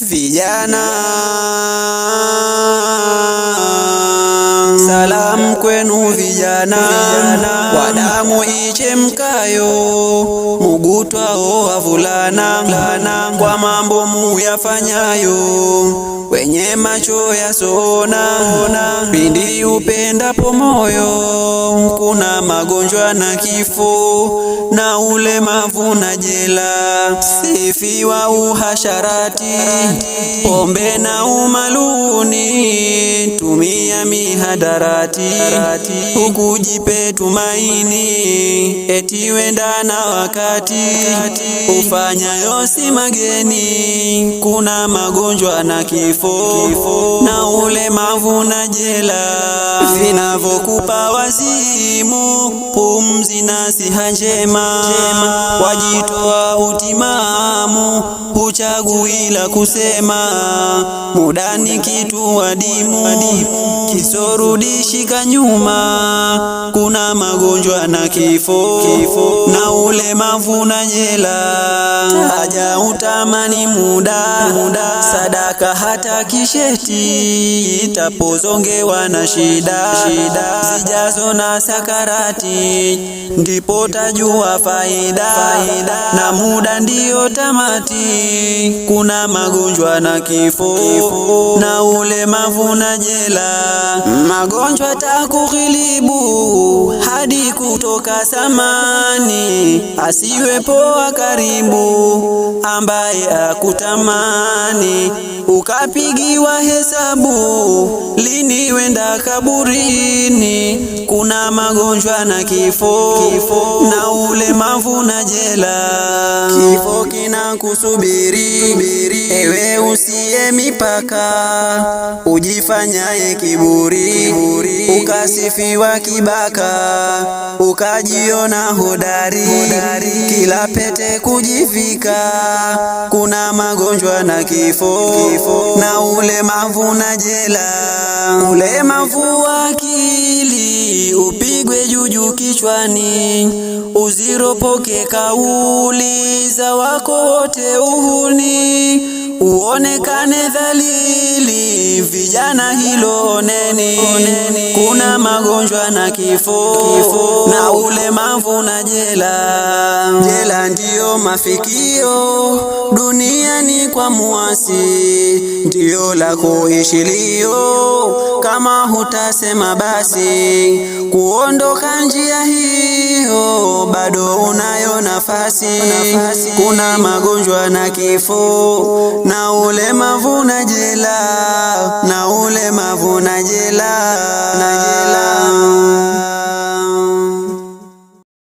vijana salam kwenu vijana, wadamu ichemkayo, mugutwao wavulana, kwa mambo muyafanyayo, wenye macho yasona, pindi upendapo moyo, kuna magonjwa na kifo, na ulemavu na jela, sifiwa uhasharati, pombe na umaluni, tumia mihadara harati, rati, ukujipe tumaini, eti wenda na wakati, ufanyayo si mageni, kuna magonjwa na kifo, kifo na ulemavu na jela vinavyokupa wazimu, pumzi na siha njema, wajitoa utima Chagui la kusema muda ni kitu adimu, kisorudishika nyuma. Kuna magonjwa na kifo, kifo na ulemavu na jela, haja utamani muda, muda sadaka hata kisheti, itapozongewa na shida, shida zijazo na sakarati, ndipo tajua faida, faida na muda ndiyo tamati kuna magonjwa na kifo na ulemavu na jela. Magonjwa takughilibu hadi kutoka samani, asiwepoa karibu ambaye akutamani, ukapigiwa hesabu lini wenda kaburini kuna magonjwa na kifo, kifo na ulemavu na jela. Kifo kusubiri ewe usiye mipaka, ujifanyaye kiburi, ukasifiwa kibaka, ukajiona hodari, kila pete kujivika. Kuna magonjwa na kifo, kifo na ulemavu na jela, ulemavu wa akili upigwe juju kichwani, uziropoke kauli za wako wote uhuni, uonekane dhalili. Vijana hilo oneni, kuna magonjwa na kifo, kifo na ulemavu na jela. Jela ndiyo mafikio duniani kwa muasi, ndiyo la kuishilio kama hutasema basi kuondoka njia hiyo, bado unayo nafasi. Kuna magonjwa na kifo na ulemavu na jela, na ulemavu na jela na